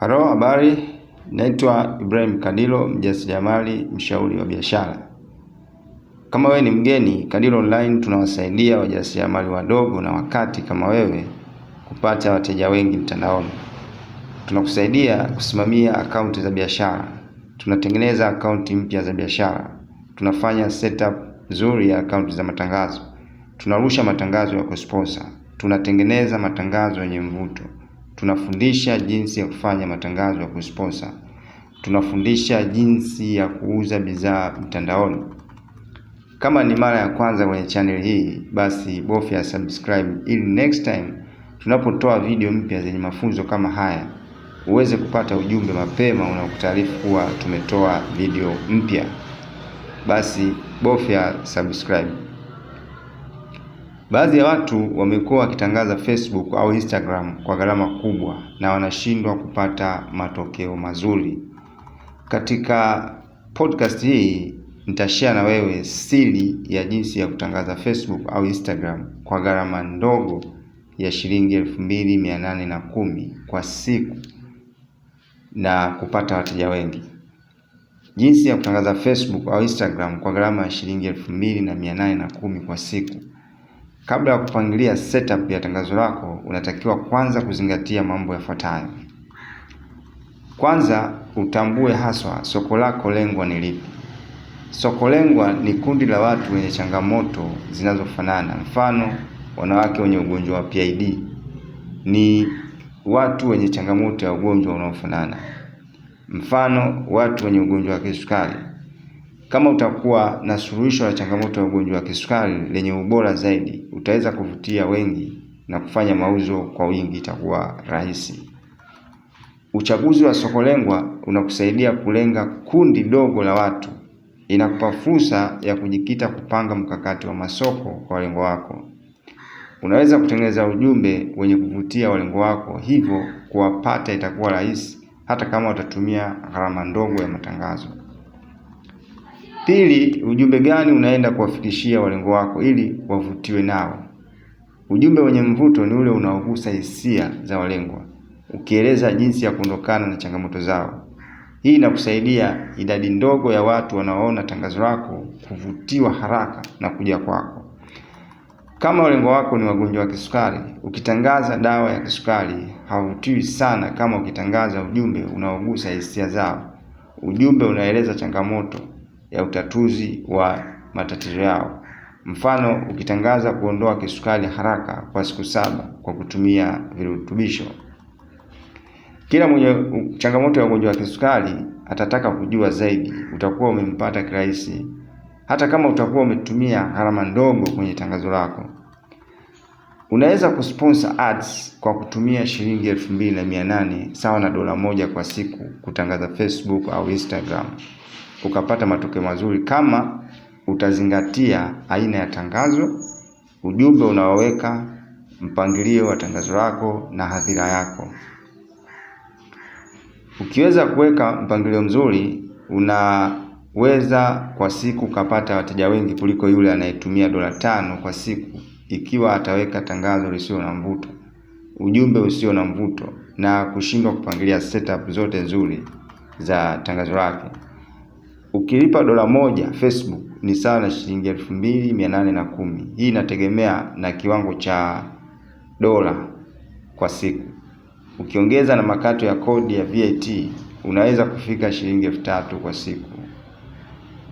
Halo, habari. Naitwa Ibrahim Kadilo, mjasiriamali, mshauri wa biashara. Kama wewe ni mgeni, Kadilo Online tunawasaidia wajasiriamali wadogo na wakati kama wewe kupata wateja wengi mtandaoni. Tunakusaidia kusimamia akaunti za biashara, tunatengeneza akaunti mpya za biashara, tunafanya setup nzuri ya akaunti za matangazo, tunarusha matangazo ya kusponsor, tunatengeneza matangazo yenye mvuto tunafundisha jinsi ya kufanya matangazo ya kusponsor, tunafundisha jinsi ya kuuza bidhaa mtandaoni. Kama ni mara ya kwanza kwenye channel hii, basi bofya subscribe ili next time tunapotoa video mpya zenye mafunzo kama haya uweze kupata ujumbe mapema unaokutaarifu kuwa tumetoa video mpya. Basi bofya subscribe. Baadhi ya watu wamekuwa wakitangaza Facebook au Instagram kwa gharama kubwa na wanashindwa kupata matokeo mazuri. Katika podcast hii nitashare na wewe siri ya jinsi ya kutangaza Facebook au Instagram kwa gharama ndogo ya shilingi elfu mbili mia nane na kumi kwa siku na kupata wateja wengi. Jinsi ya kutangaza Facebook au Instagram kwa gharama ya shilingi elfu mbili na mia nane na kumi kwa siku Kabla ya kupangilia setup ya tangazo lako, unatakiwa kwanza kuzingatia mambo yafuatayo. Kwanza, utambue haswa soko lako lengwa ni lipi. Soko lengwa ni kundi la watu wenye changamoto zinazofanana. Mfano, wanawake wenye ugonjwa wa PID ni watu wenye changamoto ya ugonjwa unaofanana. Mfano, watu wenye ugonjwa wa kisukari. Kama utakuwa na suluhisho la changamoto ya ugonjwa wa kisukari lenye ubora zaidi, utaweza kuvutia wengi na kufanya mauzo kwa wingi, itakuwa rahisi. Uchaguzi wa soko lengwa unakusaidia kulenga kundi dogo la watu, inakupa fursa ya kujikita kupanga mkakati wa masoko kwa walengo wako. Unaweza kutengeneza ujumbe wenye kuvutia walengo wako, hivyo kuwapata itakuwa rahisi hata kama utatumia gharama ndogo ya matangazo. Pili, ujumbe gani unaenda kuwafikishia walengo wako ili wavutiwe nao? Ujumbe wenye mvuto ni ule unaogusa hisia za walengwa, ukieleza jinsi ya kuondokana na changamoto zao. Hii inakusaidia idadi ndogo ya watu wanaoona tangazo lako kuvutiwa haraka na kuja kwako. Kama walengwa wako ni wagonjwa wa kisukari, ukitangaza dawa ya kisukari hawavutiwi sana kama ukitangaza ujumbe unaogusa hisia zao. Ujumbe unaeleza changamoto ya utatuzi wa matatizo yao. Mfano, ukitangaza kuondoa kisukari haraka kwa siku saba kwa kutumia virutubisho. Kila mwenye changamoto ya ugonjwa wa kisukari atataka kujua zaidi, utakuwa umempata kirahisi, hata kama utakuwa umetumia gharama ndogo kwenye tangazo lako. Unaweza kusponsor ads kwa kutumia shilingi elfu mbili na mia nane sawa na dola moja kwa siku kutangaza Facebook au Instagram, ukapata matokeo mazuri kama utazingatia aina ya tangazo, ujumbe unaoweka, mpangilio wa tangazo lako na hadhira yako. Ukiweza kuweka mpangilio mzuri, unaweza kwa siku ukapata wateja wengi kuliko yule anayetumia dola tano kwa siku, ikiwa ataweka tangazo lisilo na mvuto, ujumbe usio na mvuto na kushindwa kupangilia setup zote nzuri za tangazo lake. Ukilipa dola moja Facebook ni sawa na shilingi elfu mbili mia nane na kumi. Hii inategemea na kiwango cha dola kwa siku. Ukiongeza na makato ya kodi ya VAT unaweza kufika shilingi elfu tatu kwa siku.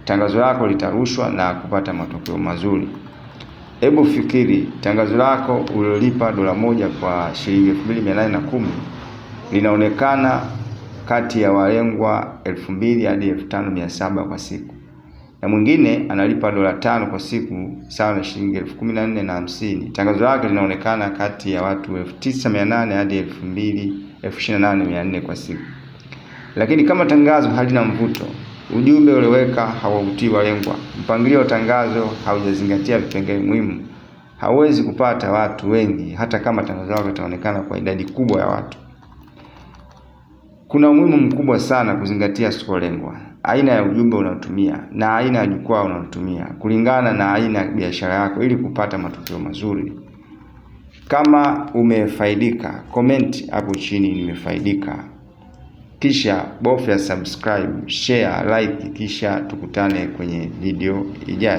Tangazo lako litarushwa na kupata matokeo mazuri. Hebu fikiri, tangazo lako ulilolipa dola moja kwa shilingi elfu mbili mia nane na kumi linaonekana kati ya walengwa elfu mbili hadi elfu tano mia saba kwa siku na mwingine analipa dola tano kwa siku sawa na shilingi elfu kumi na nne na hamsini. Tangazo lake linaonekana kati ya watu elfu tisa mia nane hadi elfu mbili elfu ishirini na nane mia nne kwa siku. Lakini kama tangazo halina mvuto, ujumbe ulioweka hawavutii walengwa, mpangilio wa tangazo haujazingatia vipengele muhimu, hauwezi kupata watu wengi hata kama tangazo lako litaonekana kwa idadi kubwa ya watu. Kuna umuhimu mkubwa sana kuzingatia soko lengwa, aina ya ujumbe unaotumia na aina ya jukwaa unaotumia kulingana na aina ya biashara yako ili kupata matokeo mazuri. Kama umefaidika, comment hapo chini nimefaidika. Kisha bofya subscribe, share, like kisha tukutane kwenye video ijayo.